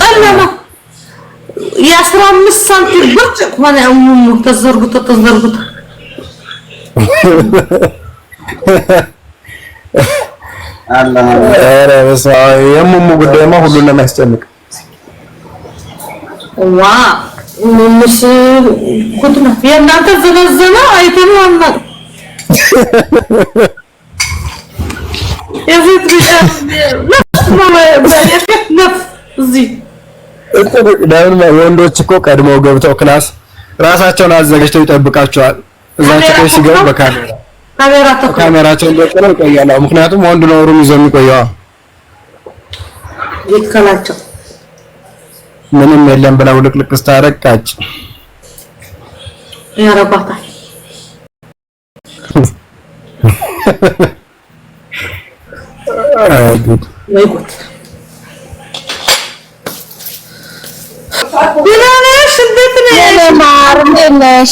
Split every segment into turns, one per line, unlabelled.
ጠለማ የአስራ አምስት ሳንቲም ብርጭ ሆነ። እሙሙ ተዘርጉቶ ተዘርጉቶ
የሙሙ ጉዳይማ ሁሉን ነው የሚያስጨንቅ።
ዋ ሙሙስ ጉድ ነው የእናንተ ዘነዘነ አይተን ዋና የሴት ልጅ እዚህ
እኮ ለምን ወንዶች እኮ ቀድመው ገብተው ክላስ ራሳቸውን አዘጋጅተው ይጠብቃቸዋል። እዛቸው ላይ ሲገቡ በካሜራ ካሜራ ተቆ ካሜራቸውን ምክንያቱም ወንድ ነው ሩም ይዞ የሚቆየው
ይከላቸው
ምንም የለም ብላ ውልቅልቅ ስታረቃጭ
ያረባታል። አይ ጉድ
እንዴት ነሽ?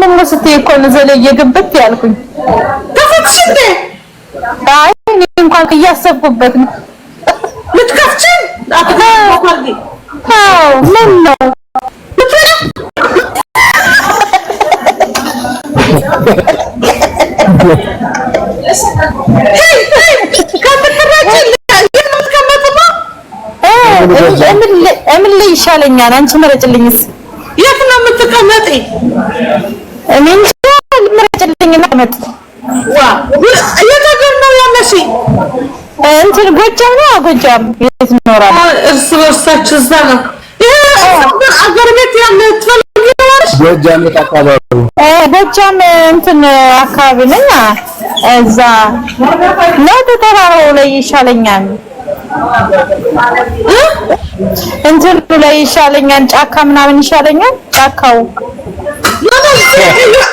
ምን ስትይ እኮ ነው ዘለየ ግብት ያልኩኝ። አይ እኔ እንኳን እያሰብኩበት ነው።
ልትከፍቺን?
ምን ነው ይሻለኛል። አንቺ መረጭልኝስ?
የት ነው የምትቀመጥ?
እኔ መረጭልኝ እና ቀመጥ
ዋ እየተገር ነው ያለሽ
እንትን ጎጃም ነው ጎጃም የት ኖራል?
እርስ በርሳችሁ እዛ ነው ይሄ አገር ቤት ያለ
ጎጃም አካባቢ
ጎጃም እንትን አካባቢ ነኝ። እዛ ነው ተራራው ላይ ይሻለኛል፣ እንትኑ ላይ ይሻለኛል፣ ጫካ ምናምን ይሻለኛል። ጫካው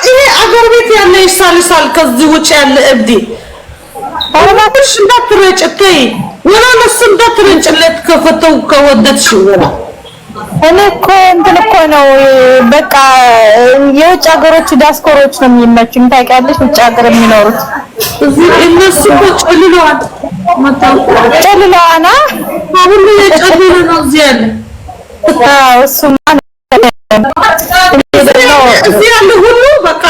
ይሄ አገር ቤት ያለ ይሳልሳል። ከዚህ ውጭ ያለ እብድ አረባቶች እንዳትረጭ ተይ፣ ወላ ለሱ እንዳትረጭለት ከፈተው ከወደድሽ ወላ
እኔ እኮ እንትን እኮ ነው በቃ የውጭ ሀገሮች ዲያስፖሮች ነው የሚመችኝ። ታውቂያለሽ ውጭ ሀገር የሚኖሩት
እነሱ እኮ ጨልለዋል፣ ጨልለዋና ሁሉ የጨልሉ ነው እዚህ ያለ።
አዎ እሱማ
እዚህ ያለ ሁሉ በቃ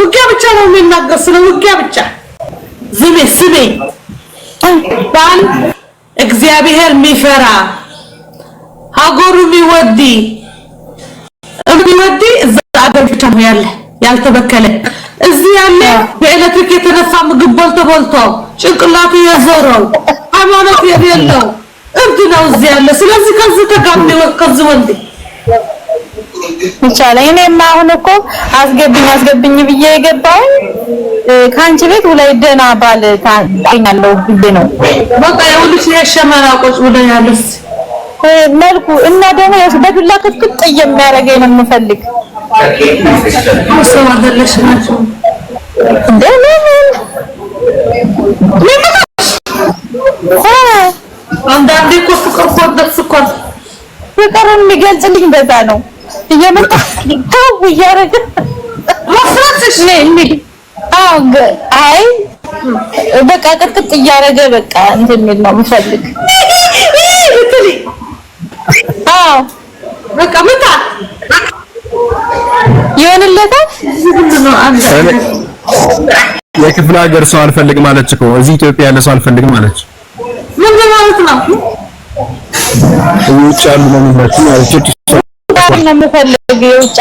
ውጊያ ብቻ ነው የሚናገር፣ ስለ ውጊያ ብቻ ስሜ ባል እግዚአብሔር የሚፈራ ሀገሩ የሚወድ የሚወድ እዛ አገር ብቻ ነው ያለ ያልተበከለ። እዚህ ያለ በኤሌክትሪክ የተነሳ ምግብ በልቶ በልቶ ጭንቅላቱ የዞረው ሃይማኖት የሌለው እብድ ነው እዚህ ያለ። ስለዚህ ከዚህ ተጋሚ ከዚህ ወንድ
ይቻለ። እኔማ አሁን እኮ አስገብኝ አስገብኝ ብዬ የገባሁኝ ከአንቺ ቤት ላይ ደህና ባል ታገኛለሁ ብዬ ነው።
በቃ የሁሉሽ የሸመና ቁጭ ብለን ያለስ
መልኩ እና ደግሞ በዱላ ክትክት የሚያደርገኝ ነው የምፈልግ ፍቅርን የሚገልጽልኝ በዛ ነው እየመጣ ታው እያደረገ አይ በቃ ቅጥቅጥ እያደረገ በቃ እንትን የሚል ነው የምፈልግ። አዎ በቃ መጣ ይሆንለታል።
የክፍለ ሀገር ሰው አልፈልግ ማለች እኮ እዚህ ኢትዮጵያ ያለ ሰው አልፈልግ ማለች።
ምን ማለት ነው? ውጭ
ያሉ ነው ማለት ነው። ውጭ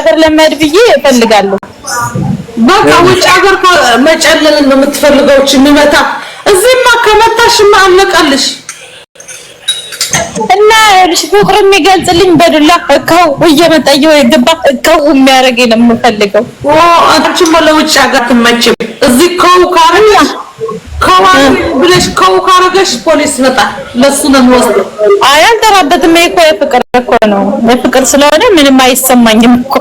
ሀገር ለመሄድ ብዬ እፈልጋለሁ።
በቃ ውጭ ሀገር መጨለልን ነው የምትፈልገው የሚመታ እዚህማ ከመታሽማ አለቀልሽ።
እና ይኸውልሽ ፍቅር የሚገልጽልኝ በዱላ እካው እየመጣ የገባ እካው የሚያደርገኝ ነው የምፈልገው።
ኦ አንቺማ ለውጭ ሀገር ትመችም። እዚህ ከው ካረገሽ ከው ብለሽ ከው ካረገሽ ፖሊስ መጣል ለሱ ነው የምወስደው።
አይ አልጠራበትም። እኮ የፍቅር እኮ ነው የፍቅር ስለሆነ ምንም አይሰማኝም እኮ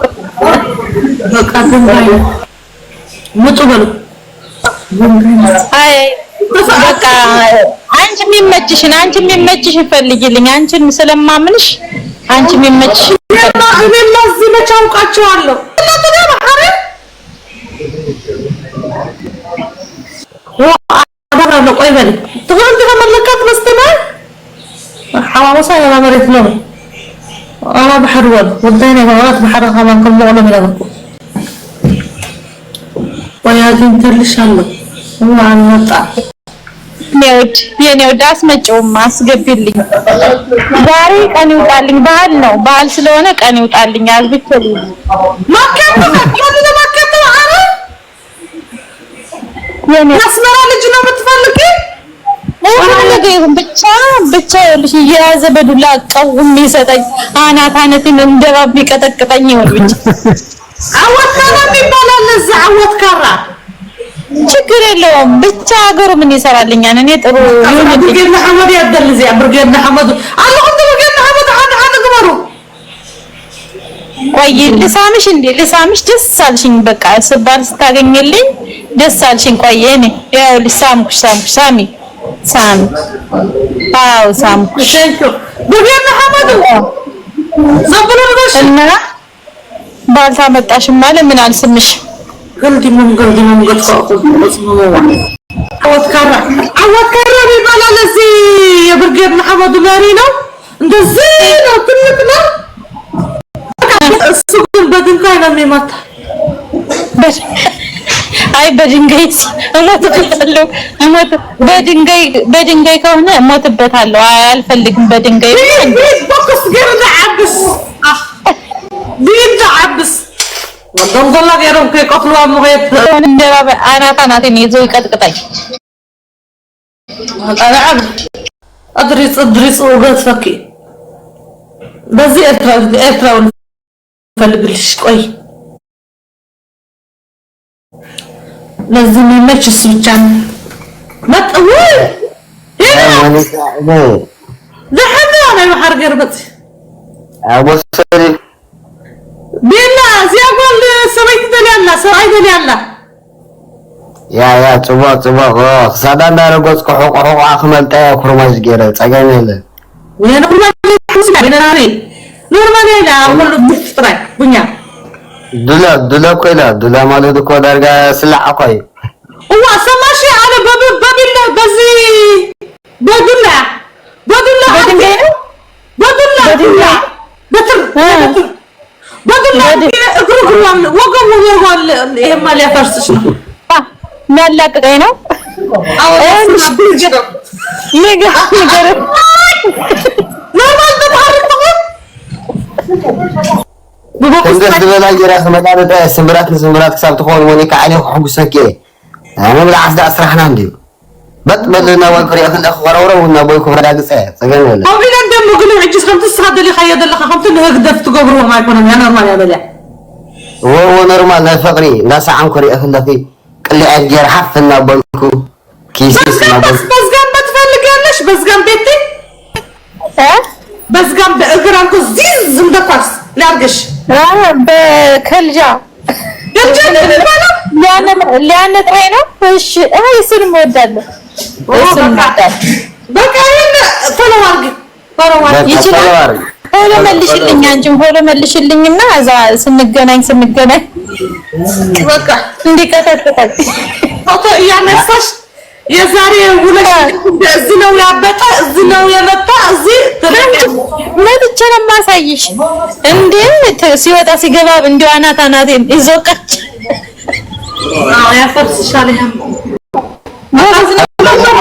በቃ ዝም ውጡ በሉ።
አይ በቃ አንቺ የሚመችሽን አንቺ የሚመችሽን ፈልጊልኝ። አንቺን ስለማምንሽ አንቺ የሚመችሽን
እኔማ እዚህ መቼ አውቃቸዋለሁ። አባራለሁ። ቆይ በል ትሆን ተመለካት መስትና
ሐዋሳ የማመሬት ነው አራ ባህር ወል ወዳይና ባራት ባህር ከማንከም ነው
አግኝተልሻለሁ። ዋንወጣ
ኔውድ የኔውድ አስመጪውማ አስገቢልኝ። ዛሬ ቀን ይውጣልኝ። በዓል ነው፣ በዓል ስለሆነ ቀን ይውጣልኝ። አግብቼልኝ
ማስመራ ልጅ ነው የምትፈልጊ?
ብቻ ብቻ ይኸውልሽ፣ እየያዘ በዱላ ቀው የሚሰጠኝ አናት አናቴን እንደባብ ይቀጠቅጠኝ ይሆን
አወት ካራ ይባላል። እዛ አወት ካራ
ችግር የለውም። ብቻ ሀገሩ ምን ይሰራልኛል? እኔ ጥሩ ቆይ ልሳምሽ እንዴ ልሳምሽ። ደስ አልሽኝ። በቃ ስባል ስታገኝልኝ ደስ አልሽኝ። ቆይ እኔ ያው ልሳምኩሽ፣ ሳምኩሽ፣ ሳሚ ሳሚ። አዎ ሳምኩሽ። ዘብሎ ነው እና ባልታመጣሽም አለ ምን አልስምሽ
ገልዲሙም ገልዲሙም ገጥቆ ስሙ አወትካራ አወትካራ ይባላል። እዚህ የብርጌድ መሐመዱ መሪ ነው። እንደዚህ ነው፣ ትልቅ ነው። እሱ ግን በድንጋይ ነው የሚመታ።
አይ በድንጋይ እሞትበታለሁ፣ እሞት በድንጋይ በድንጋይ ከሆነ እሞትበታለሁ። አይ አልፈልግም በድንጋይ
ቢዳ አብስ ቢዳ አብስ ደንጎላ ገረምኩ የቆፍሉ አምሬት
እንደባበ አናት አናቴን ይዞ ይቀጥቅጣኝ።
አጣራም አድሪጽ አድሪጽ ውበት ፈኪ በዚህ ኤርትራ ኤርትራውን ፈልግልሽ። ቆይ ለዚህ የሚመች እሱ ብቻ ነው። መጥው ይሄ ነው ነው ቤላ እዚያ ጎል ሰበይት ደሊያላ ሰብአይ ደሊያላ
ያ ያ ፅቡቅ ፅቡቅ ክሳዳ እንዳረገፅኩ ሕቁ ሕቁ ክመልጣ ኩርማሽ ገይረ ፀገም የለ
ኖርማል ኢላ ሁሉ ጥራይ
ማለት እኮ ዳርጋ ስላዕ እኮ
እዋ ሰማሽ አለ በቢላ በዚ በዱላ በዱላ በድንጋይ በዱላ በትር ሊያፈርስሽ ነው
የሚያላቅቀኝ ነው።
ክንደስ ዝበላ ጌራ ክመጣ ስምራት ንስምራት ክሳብ ትኾን ወ ከዓ ክሕጉሰኪ መብላዕ ስዳ ስራሕና እንዲ በጥ በልና ዋን ክሪኦ ክንደ ክቆረውረ ውና ቦይ ክፍረዳ ግፀ ፀገም ይበለ
لما قلنا عجز خمت السحاد اللي خياد اللي خمت اللي هكذا في تقبره وما يكون انا نورمال يا بلع
هو نورمال يا فقري لا ساعة كوري اهلا في قلي اجير حفلنا بنكو
كيس بس بس بس قام بتفلق ليش بس قام بيتي إيه؟ بس قام باقرانكو زيز زندقوس لا ارقش
لا بكلجا لأن عينه وش هاي يصير مودد
بقى هنا فولو ارقي ይችላል።
ሆሎ መልሽልኝ፣ አንቺም ሆሎ መልሽልኝና እዛ ስንገናኝ ስንገናኝ በቃ እንዲቀጠቅጣል
ፎቶ እያነሳሽ የዛሬ ውለሽ እዚህ ነው ያበጣ፣ እዚህ ነው የመጣ፣ እዚህ
መጥቼ ነው የማሳይሽ። እንዴ ሲወጣ ሲገባ እንዲ አናት አናት ይዞቀች
ያፈርስሻል።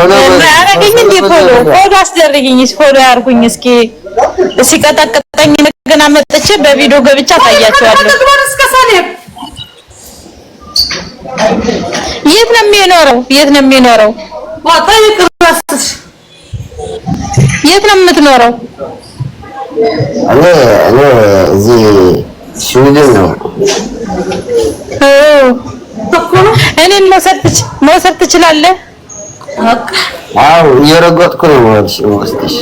አረገኝ እንደ ፎሎ ፎሎ አስደርግኝ ፎሎ ያርጉኝ እስኪ ሲቀጠቅጠኝ እንደገና መጥቼ በቪዲዮ ገብቻ አሳያቸዋለሁ። የት ነው የሚኖረው? የት ነው የሚኖረው? የት ነው የምትኖረው?
አለ አለ እዚህ ስዊድን ነው።
እኔን መውሰድ ትችላለህ?
አዎ እየረገጥኩ ነው። ወስጥሽ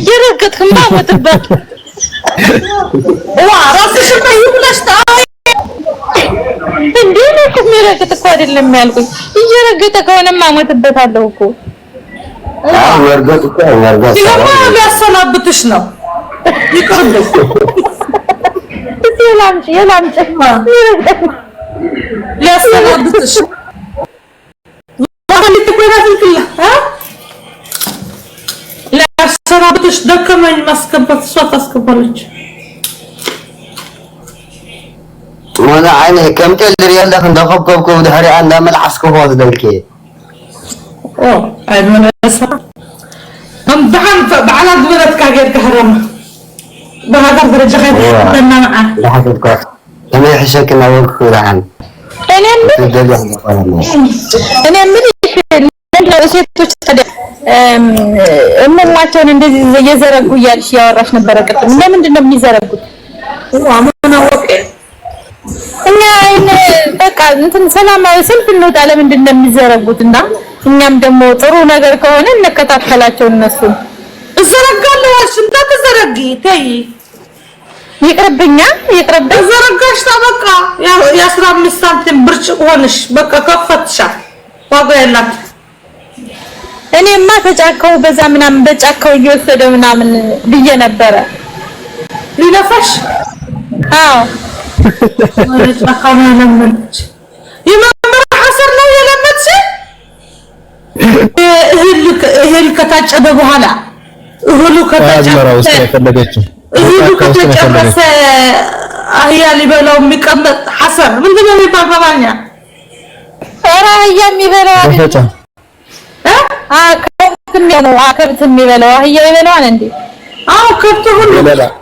እየረገጥክማ ወጥበት
ዋ ራስሽ ይብለሽ ታይ
እንዴ ነው የሚረግጥ እኮ አይደለም ያልኩኝ። እየረገጠ ከሆነማ እሞትበታለሁ እኮ
ሊያሰናብትሽ ነው። ይቅርብሽ
ላምጭ ላምጭ
ሊያሰናብትሽ ምን ማስገባት እሷ ታስገባለች።
وانا عينه كم تقدر يلا خندقبكم دحري عندها ملعسك هو ذلك
اوه عين من اسمع هم دحن بعلى دولتك غير كهرمه بهذا الدرجه خير كنا معه
لا حسبك انا يحشك انا وين كل
انا انا ለምንድን ነው ሴቶች ታዲያ እሙማቸውን እንደዚህ እየዘረጉ እያልሽ ያወራሽ ነበረ ቅድም። ለምንድን ነው የሚዘረጉት? እኛ አይን በቃ እንትን ሰላማዊ ሰልፍ እንወጣ። ለምንድን ነው የሚዘረጉት? እና እኛም ደግሞ ጥሩ ነገር ከሆነ እንከታተላቸው። እነሱ
እዘረጋለሁ አልሽ እንዳትዘረጊ ተይ፣
ይቅርብኛ፣ ይቅርብኝ።
እዘረጋሽ ታበቃ የአስራ አምስት ሳንቲም ብርጭቅ ሆንሽ በቃ ከፈትሻል ዋጋ ያላት
እኔማ ተጫካው በዛ ምናምን በጫካው እየወሰደ ምናምን ብዬ ነበረ። ሊለፋሽ አዎ፣
የመምህር አሰር ነው የለመድሽ። እህል ከታጨደ በኋላ እህሉ ከተጨረሰ አህያ ሊበላው የሚቀመጥ ሐሰር ምንድን ነው የሚባል
ኧረ አህያ የሚበላው አከብት የሚበለው አከብት የሚበለው አህያ ይበለዋል እንዴ?
አዎ ከብት ሁሉ ይበላል።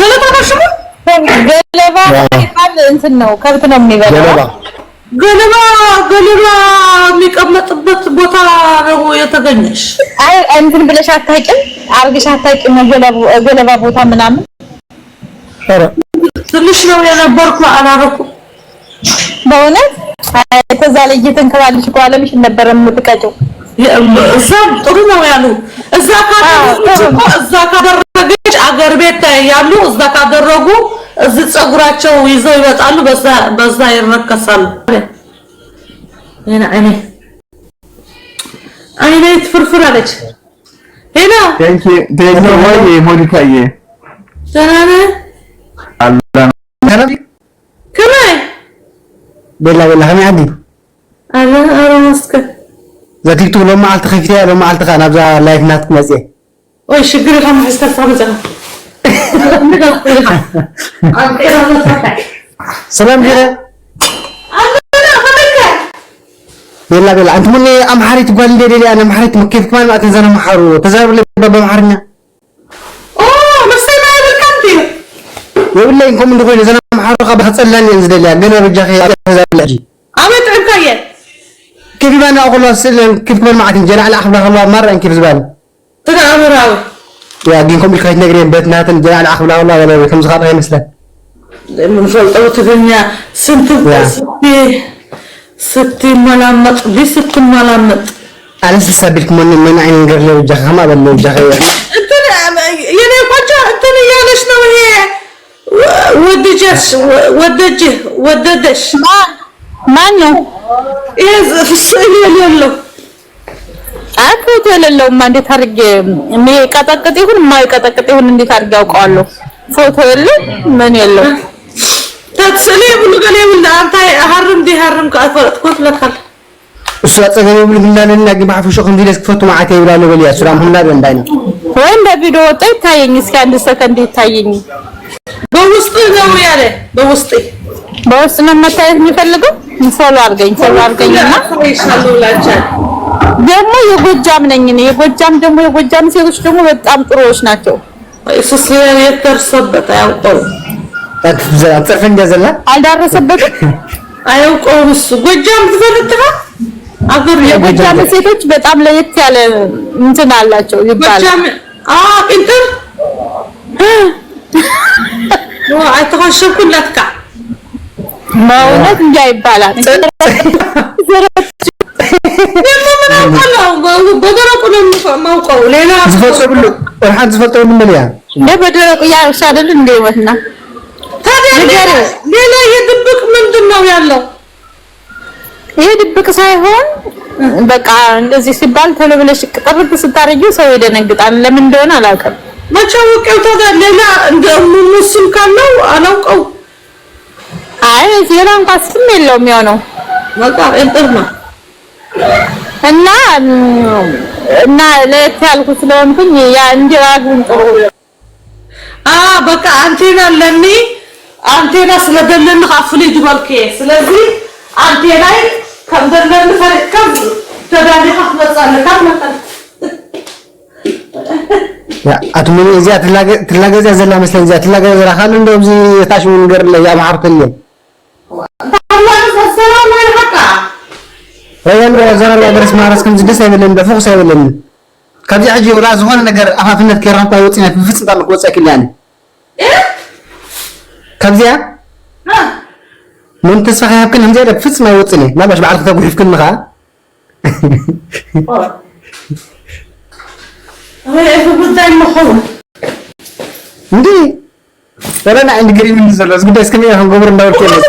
ገለባ ነው
ገለባ ይባል እንትን ነው ከብት ነው የሚበላው።
ገለባ ገለባ የሚቀመጥበት ቦታ ነው የተገኘሽ።
አይ እንትን ብለሽ አታውቂም፣ አርግሽ አታውቂም። ገለባ ቦታ ምናምን
ኧረ ትንሽ ነው የነበርኩ አላረኩም
በእውነት ከዛ ላይ እየተንከባለሽ እኮ አለምሽን ነበር የምትቀጭው
እዛም ጥሩ ነው ያሉ እዛ እዛ ካደረገች አገር ቤት ያሉ እዛ ካደረጉ እዚህ ፀጉራቸው ይዘው ይመጣሉ። በዛ በዛ ይረከሳሉ። አይኔ አይኔ ፍርፍር አለች። ሄና
ቴንክ ዩ ወይ ሞኒካዬ ተናነ አላህ ከረቢ ከማይ በላ በላ ሀሚ አዲ
አላህ አራስከ
زتيكتو لو ما علت خفتيا لو ما علت خانا بزا لايف نات مزي
وي شكرا لهم حستا فهمت
سلام جيرا يلا يلا انت ام حريت قال لي لي انا محريت مكيف كمان ما تنزل محارو تزارب لي بمحارنا
اوه مستمع بالكنتي
يا لي انكم اللي زنا محارو تصلاني انزل لي انا رجع خي تزارب لي
عملت عمكايه
كيف ما انا أقول له كيف كمان معك إن على أخبر الله مرة إن كيف زبان
تدعى مراوي
يا دينكم اللي كايت نجرين بيتنا على أخبر الله ولا كم زغار أي مثله
من فلطوت الدنيا سنت ستي ستي ملامط بي ستي ملامط
أنا سأسابيلك من من عين غير لو جاها ما بل لو جاها
أنت يعني قجا أنت يا ليش نوهي ودجش ودجه وددش ማን ነው የሌለው?
አይ ፎቶ የሌለውማ እንዴት አድርጌ የሚቀጠቅጥ ይሁን የማይቀጠቅጥ ይሁን እንዴት አድርጌ አውቀዋለሁ? ፎቶ የለ ምን የለው
ተስለ ይብሉ ገለ ይብሉ አንተ ሀርም ዲ ሀርም ለካል
እሱ ዲለስ በሊያ ሁላ በእንዳይ ነው
ወጣ ይታየኝ እስኪ አንድ ሰከንድ ይታየኝ
በውስጥ ነው ያለ በውስጥ
በውስጥ ነው መታየት የሚፈልገው። ፎሎ አድርገኝ ፎሎ አድርገኝና ደግሞ የጎጃም ነኝ እኔ የጎጃም ደግሞ የጎጃም ሴቶች ደግሞ በጣም ጥሩዎች ናቸው።
ኢየሱስ አያውቀውም። እሱ ጎጃም ትፈልጥራ አገር የጎጃም ሴቶች በጣም ለየት ያለ እንትን አላቸው ይባላል። ጎጃም አ አትኮሽኩለትካ
በእውነት እንጃ ይባላል።
በደረቁ ነው የማውቀው። ሌላ
ርሓት ዝፈልጠሉ ምን እያ
በደረቁ እያርሳ አይደል እንደ ይወትና
ታዲያ ሌላ የድብቅ ምንድን ነው ያለው?
ይሄ ድብቅ ሳይሆን በቃ እንደዚህ ሲባል ቶሎ ብለሽ ስታረጊው ሰው ይደነግጣል። ለምን እንደሆነ አላውቅም።
ማቻወቂያው ታዲያ ሌላ እንደ ሙስሊም ካለው አላውቀው።
አይ ዜና እንኳን ስም የለውም የሚሆነው
በቃ እንጥር ነው
እና እና ለየት ያልኩ ስለሆንኩኝ ያ ጥሩ
አ በቃ አንቴና አንቴና ስለደለን ስለዚህ ከምደለን ፈረከም ተዳሪ
ኣቲ ምን እዚኣ ትላገፅያ ዘላ መስለን እዚኣ ትላገፅያ ዘላ ካል እንደ ዚ ታሽ ነገር ለ ኣብ ሓርተን እዮም ረገምረ ዘረላ ማረስ ከምዚ ደስ ኣይበለኒ ፎkus ኣይበለኒ ካብዚ ሕጂ ወላ ዝኾነ ነገር ኣፋፍነት ከይረኸብካ ወፂና ብፍፅምታ ክወፅእ ክልያኒ ካብዚኣ ምን ተስፋ ከይሃብክን ከምዚኣ ብፍፅም ኣይወፅን እየ ናባሽ በዓል ክተጉሒፍክን ከዓ እንዲ ወለና አንድ ግሪ ምን ዘሎ ጉዳይ እስከመይ ከም ገብር እንዳወልክ የለስ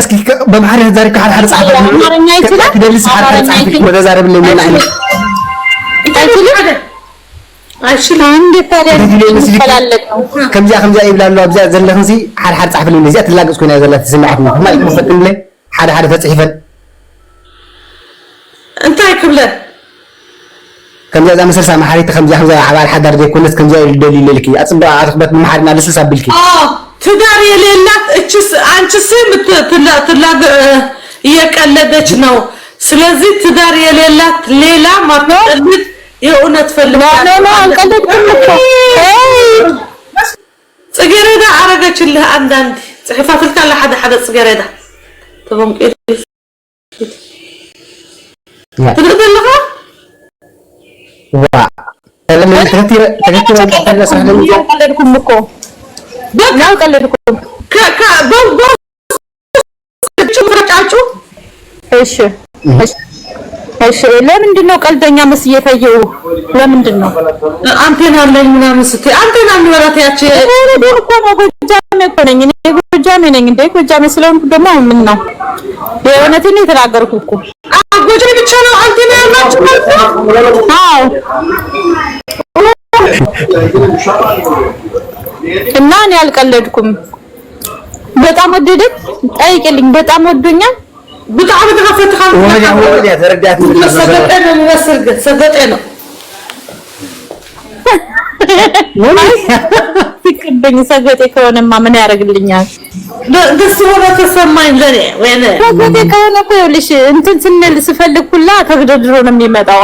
እስኪ በባህሪ ተዛሪብካ ሓደ ሓደ ፀሓፍ ክደልስ ሓደ ሓደ ፀሓፍ ምን ዓይነት ከምዚኣ ከምዚኣ ይብላ ኣሎ ኣብዚኣ ሓደ ሓደ ፀሓፍ ዘላ ትስማዓት ሓደ ሓደ ተፅሒፈን كبلة كم جاء مثلا سامع حريت كم جاء حمزة على الحدار دي كلس كم جاء الدليل لك أصلا أخبرت من حرنا لسه سابلك
آه تدار يليلات اتشس عن تشسم تلا تلا آه، يكلدش نو ስለዚህ ትዳር የሌላት ሌላ ማጥልት የእውነት ጽጌረዳ አረገችልህ። አንዳንድ ጽሕፋ ፍልካ ለሓደ ሓደ ጽጌረዳ ተበምቂ
ለምንድን
ነው ቀልደኛ መስዬ ታየው? ለምንድን ነው
አንቴና አለኝ ምናምን ስትይ አንቴና የሚበላት ያቺ እኮ
ነው። ጎጃሜ እኮ ነኝ ጎጃሜ ነኝ እንዴ? ጎጃሜ ስለሆንኩ ደግሞ ምን ነው የእውነትን የተናገርኩ እኮ
አጎቴ ብቻ ነው። አንተ ነው ያላችሁ ማለት ነው? አዎ።
እና እኔ አልቀለድኩም። በጣም ወደደኝ። ጠይቅልኝ። በጣም ወዶኛል።
ብጣዕሚ ነው ሰገጠ ነው
ፍቅርብኝ ሰገጤ ከሆነማ ምን ያደርግልኛል?
ደስ ሆኖ ተሰማኝ። ለኔ
ሰገጤ ከሆነ እኮ ይኸውልሽ እንትን ስንል ስፈልግ ሁላ ተግደድሮ ነው የሚመጣው።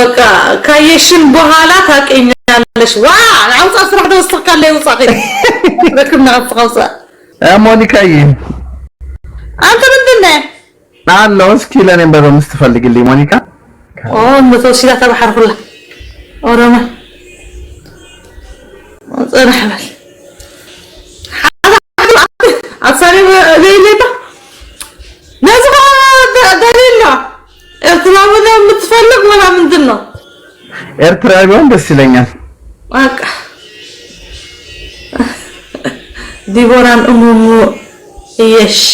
ኣትስራራ ካየሽን በኋላ ታውቂኛ ኣለሽ ዋ ንዓውፃ ስራሕ ደወስኽካ ኣለ ይውፃኺ በክም ንዓስኻ ውፃእ ሞኒካ እዩ አንተ ምንድነ
አለው እስኪ ለኔ በሮምስ ትፈልግልኝ ሞኒካ
ኦ መተውሲዳ ተባሕር ኩላ ኦሮማ ፅራሕ በል ኣሳሪ ዘይሌታ ነዚ ኸ ደሊላ ኤርትራ ምትፈልግ ወላ ምንድን ነው
ኤርትራ ቢሆን ደስ ይለኛል
ديبوران umumu yes